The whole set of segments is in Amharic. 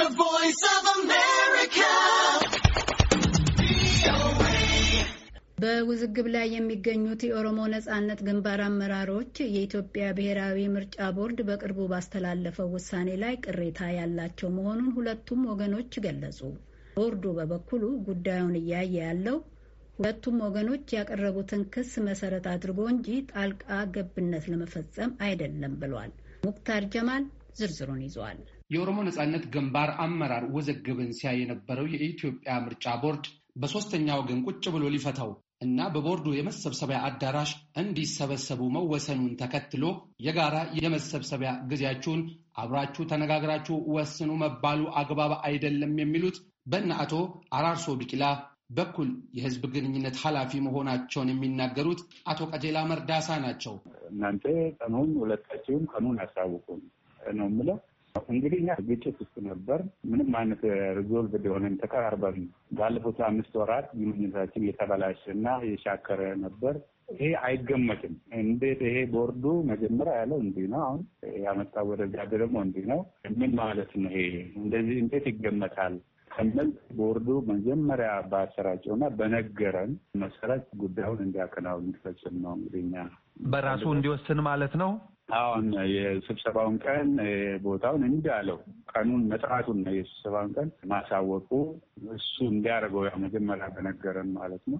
The Voice of America. በውዝግብ ላይ የሚገኙት የኦሮሞ ነጻነት ግንባር አመራሮች የኢትዮጵያ ብሔራዊ ምርጫ ቦርድ በቅርቡ ባስተላለፈው ውሳኔ ላይ ቅሬታ ያላቸው መሆኑን ሁለቱም ወገኖች ገለጹ። ቦርዱ በበኩሉ ጉዳዩን እያየ ያለው ሁለቱም ወገኖች ያቀረቡትን ክስ መሰረት አድርጎ እንጂ ጣልቃ ገብነት ለመፈጸም አይደለም ብሏል። ሙክታር ጀማል ዝርዝሩን ይዟል። የኦሮሞ ነጻነት ግንባር አመራር ውዝግብን ሲያይ የነበረው የኢትዮጵያ ምርጫ ቦርድ በሦስተኛ ወገን ቁጭ ብሎ ሊፈታው እና በቦርዱ የመሰብሰቢያ አዳራሽ እንዲሰበሰቡ መወሰኑን ተከትሎ የጋራ የመሰብሰቢያ ጊዜያችሁን አብራችሁ ተነጋግራችሁ ወስኑ መባሉ አግባብ አይደለም የሚሉት በእነ አቶ አራርሶ ቢቂላ በኩል የሕዝብ ግንኙነት ኃላፊ መሆናቸውን የሚናገሩት አቶ ቀጀላ መርዳሳ ናቸው። እናንተ ቀኑን ሁለታችሁም ቀኑን አሳውቁን ነው የምለው እንግዲህ እኛ ግጭት ውስጥ ነበር። ምንም አይነት ሪዞልቭ የሆነ ተቀራርበን ባለፉት አምስት ወራት ግንኙነታችን የተበላሸ እና የሻከረ ነበር። ይሄ አይገመትም። እንዴት ይሄ ቦርዱ መጀመሪያ ያለው እንዲህ ነው፣ አሁን ያመጣው ወደዚያ ደግሞ እንዲህ ነው። ምን ማለት ነው ይሄ እንደዚህ እንዴት ይገመታል? ከምል ቦርዱ መጀመሪያ በአሰራጨው እና በነገረን መሰረት ጉዳዩን እንዲያከናውን ፈጽም ነው እንግዲህ እኛ በራሱ እንዲወስን ማለት ነው አሁን የስብሰባውን ቀን ቦታውን እንዳለው ቀኑን መጥራቱን ነው የስብሰባውን ቀን ማሳወቁ እሱ እንዲያደርገው ያው መጀመሪያ በነገረን ማለት ነው።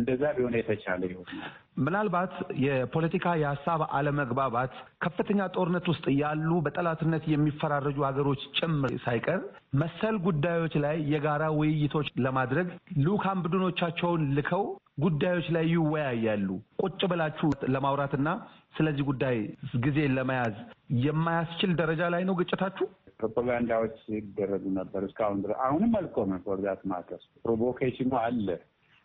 እንደዛ ቢሆን የተቻለ ይሆናል። ምናልባት የፖለቲካ የሀሳብ አለመግባባት ከፍተኛ ጦርነት ውስጥ ያሉ በጠላትነት የሚፈራረጁ ሀገሮች ጭምር ሳይቀር መሰል ጉዳዮች ላይ የጋራ ውይይቶች ለማድረግ ልዑካን ቡድኖቻቸውን ልከው ጉዳዮች ላይ ይወያያሉ። ቁጭ ብላችሁ ለማውራትና ስለዚህ ጉዳይ ጊዜ ለመያዝ የማያስችል ደረጃ ላይ ነው ግጭታችሁ? ፕሮፓጋንዳዎች ይደረጉ ነበር እስካሁን ድረስ አሁንም አልቆመም። ፎርዛት ማተር ፕሮቮኬሽኑ አለ።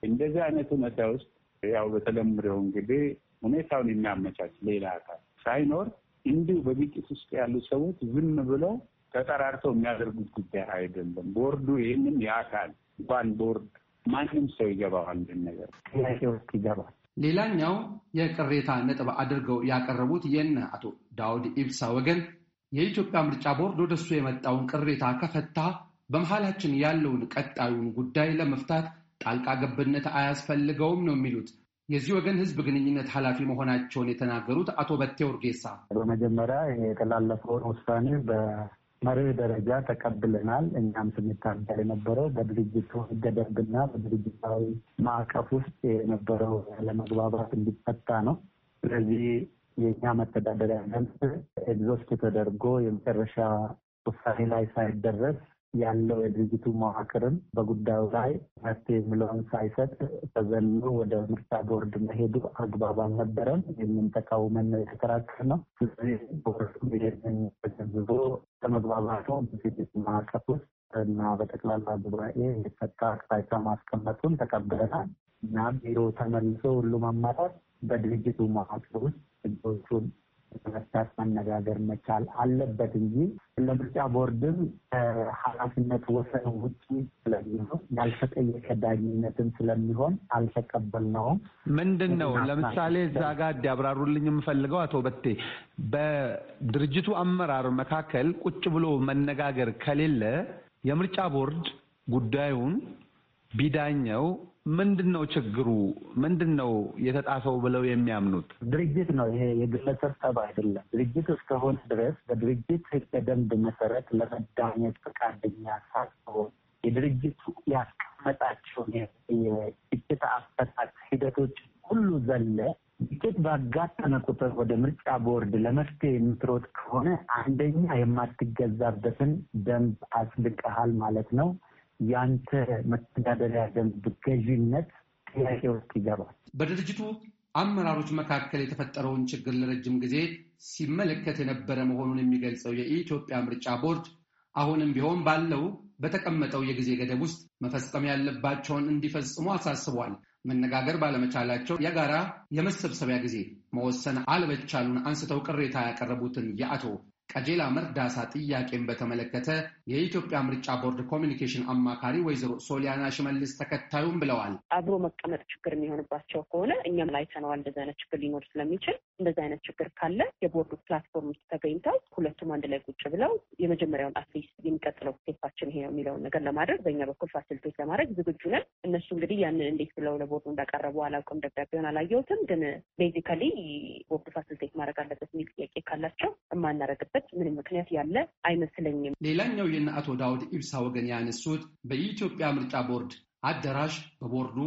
እንደዚህ አይነት ሁኔታ ውስጥ ያው በተለምደው እንግዲህ ሁኔታውን የሚያመቻች ሌላ አካል ሳይኖር እንዲሁ በግጭት ውስጥ ያሉ ሰዎች ዝም ብለው ተጠራርተው የሚያደርጉት ጉዳይ አይደለም። ቦርዱ ይህንን የአካል እንኳን ቦርድ ማንም ሰው ይገባዋል ነገር ጥያቄ ውስጥ ይገባል። ሌላኛው የቅሬታ ነጥብ አድርገው ያቀረቡት የነ አቶ ዳውድ ኢብሳ ወገን የኢትዮጵያ ምርጫ ቦርድ ወደሱ የመጣውን ቅሬታ ከፈታ በመሀላችን ያለውን ቀጣዩን ጉዳይ ለመፍታት ጣልቃ ገብነት አያስፈልገውም ነው የሚሉት። የዚህ ወገን ህዝብ ግንኙነት ኃላፊ መሆናቸውን የተናገሩት አቶ በቴ ኡርጌሳ በመጀመሪያ የተላለፈውን ውሳኔ መርህ ደረጃ ተቀብለናል። እኛም ስንታገል የነበረው በድርጅቱ ሕገ ደንብና በድርጅታዊ ማዕቀፍ ውስጥ የነበረው ለመግባባት እንዲፈታ ነው። ስለዚህ የእኛ መተዳደሪያ ደንብ ኤግዞስት ተደርጎ የመጨረሻ ውሳኔ ላይ ሳይደረስ ያለው የድርጅቱ መዋቅርም በጉዳዩ ላይ መፍትሄ የሚለውን ሳይሰጥ ተዘሎ ወደ ምርጫ ቦርድ መሄዱ አግባብ አልነበረም። የምንተቃውመን ነው የተከራከር ነው። ስለዚህ ቦርዱ ይህንን ተገንዝቦ ከመግባባቱ በፊት ማዕቀፍ ውስጥ እና በጠቅላላ ጉባኤ የሰጠ አቅጣጫ ማስቀመጡን ተቀብለናል እና ቢሮ ተመልሶ ሁሉም አማራጭ በድርጅቱ መዋቅር ውስጥ ህጎቹን በመፍታት መነጋገር መቻል አለበት እንጂ ለምርጫ ቦርድም ኃላፊነት ወሰን ውጭ ስለሚሆን ያልተጠየቀ ዳኝነትን ስለሚሆን አልተቀበልነውም። ምንድን ነው ለምሳሌ እዛ ጋር እንዲያብራሩልኝ የምፈልገው አቶ በቴ በድርጅቱ አመራር መካከል ቁጭ ብሎ መነጋገር ከሌለ የምርጫ ቦርድ ጉዳዩን ቢዳኘው ምንድን ነው ችግሩ? ምንድን ነው የተጣሰው ብለው የሚያምኑት? ድርጅት ነው ይሄ፣ የግለሰብ ጠብ አይደለም። ድርጅት እስከሆነ ድረስ በድርጅት ሕገ ደንብ መሰረት ለመዳኘት ፈቃደኛ ሳትሆን የድርጅቱ ያስቀመጣቸውን የግጭት አፈታት ሂደቶች ሁሉ ዘለ ግጭት ባጋጠመ ቁጥር ወደ ምርጫ ቦርድ ለመፍትሄ የምትሮጥ ከሆነ አንደኛ የማትገዛበትን ደንብ አጽድቀሃል ማለት ነው። ያንተ መተዳደሪያ ደንብ ገዥነት ጥያቄ ውስጥ ይገባል። በድርጅቱ አመራሮች መካከል የተፈጠረውን ችግር ለረጅም ጊዜ ሲመለከት የነበረ መሆኑን የሚገልጸው የኢትዮጵያ ምርጫ ቦርድ አሁንም ቢሆን ባለው በተቀመጠው የጊዜ ገደብ ውስጥ መፈጸም ያለባቸውን እንዲፈጽሙ አሳስቧል። መነጋገር ባለመቻላቸው የጋራ የመሰብሰቢያ ጊዜ መወሰን አለበቻሉን አንስተው ቅሬታ ያቀረቡትን የአቶ ቀጀላ መርዳሳ ጥያቄን በተመለከተ የኢትዮጵያ ምርጫ ቦርድ ኮሚኒኬሽን አማካሪ ወይዘሮ ሶሊያና ሽመልስ ተከታዩም ብለዋል። አብሮ መቀመጥ ችግር የሚሆንባቸው ከሆነ እኛም ላይ እንደዚ አይነት ችግር ሊኖር ስለሚችል እንደዚ አይነት ችግር ካለ የቦርዱ ፕላትፎርም ውስጥ ተገኝተው ሁለቱም አንድ ላይ ቁጭ ብለው የመጀመሪያውን አትሊስት የሚቀጥለው ስቴፓችን ይሄ የሚለውን ነገር ለማድረግ በእኛ በኩል ፋሲልቴት ለማድረግ ዝግጁ ነን። እነሱ እንግዲህ ያንን እንዴት ብለው ለቦርዱ እንዳቀረቡ አላውቅም። ደብዳቤውን አላየሁትም። ግን ቤዚካሊ ቦርዱ ፋሲልቴት ማድረግ አለበት የሚል ጥያቄ ካላቸው የማናረግበት ያለበት ምንም ምክንያት ያለ አይመስለኝም። ሌላኛው የእነ አቶ ዳውድ ኢብሳ ወገን ያነሱት በኢትዮጵያ ምርጫ ቦርድ አዳራሽ በቦርዱ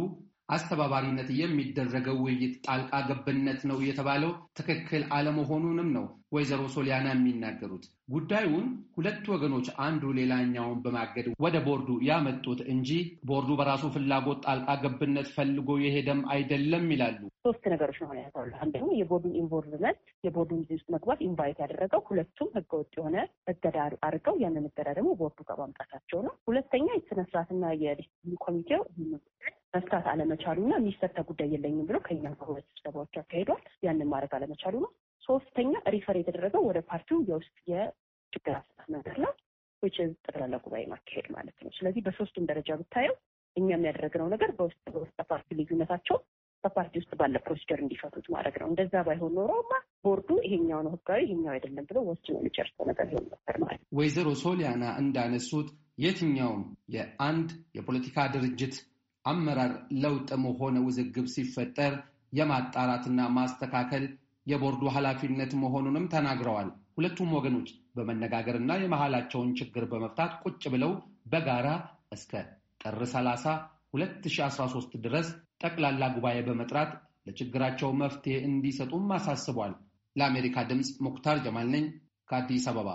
አስተባባሪነት የሚደረገው ውይይት ጣልቃ ገብነት ነው የተባለው ትክክል አለመሆኑንም ነው ወይዘሮ ሶሊያና የሚናገሩት። ጉዳዩን ሁለት ወገኖች አንዱ ሌላኛውን በማገድ ወደ ቦርዱ ያመጡት እንጂ ቦርዱ በራሱ ፍላጎት ጣልቃ ገብነት ፈልጎ የሄደም አይደለም ይላሉ። ሶስት ነገሮች ነው ያሳሉ። አንደኛው የቦርዱን ኢንቮልቭመንት የቦርዱን ዚ ውስጥ መግባት ኢንቫይት ያደረገው ሁለቱም ህገወጥ የሆነ እገዳ አድርገው ያንን እገዳ ደግሞ ቦርዱ ጋር ማምጣታቸው ነው። ሁለተኛ የስነስርዓትና የዲስፕሊን ኮሚቴው ይህን ጉዳይ መፍታት አለመቻሉ እና የሚፈታ ጉዳይ የለኝም ብሎ ከኛ ሁለት ስብሰባዎች አካሂዷል። ያንን ማድረግ አለመቻሉ ነው። ሶስተኛ ሪፈር የተደረገው ወደ ፓርቲው የውስጥ የችግር አፈታት መንገድ ነው ዊች ጠቅላላ ጉባኤ ማካሄድ ማለት ነው። ስለዚህ በሶስቱም ደረጃ ብታየው እኛም ያደረግነው ነገር በውስጥ በውስጥ ፓርቲ ልዩነታቸው በፓርቲ ውስጥ ባለ ፕሮሲደር እንዲፈቱት ማድረግ ነው። እንደዛ ባይሆን ኖረውማ ቦርዱ ይሄኛው ነው ህጋዊ፣ ይሄኛው አይደለም ብሎ ወስኖ የሚጨርሰው ነገር ሆን ነበር ማለት ነው። ወይዘሮ ሶሊያና እንዳነሱት የትኛውም የአንድ የፖለቲካ ድርጅት አመራር ለውጥም ሆነ ውዝግብ ሲፈጠር የማጣራትና ማስተካከል የቦርዱ ኃላፊነት መሆኑንም ተናግረዋል። ሁለቱም ወገኖች በመነጋገርና የመሃላቸውን ችግር በመፍታት ቁጭ ብለው በጋራ እስከ ጥር 30 2013 ድረስ ጠቅላላ ጉባኤ በመጥራት ለችግራቸው መፍትሄ እንዲሰጡም አሳስቧል። ለአሜሪካ ድምፅ ሙክታር ጀማል ነኝ ከአዲስ አበባ።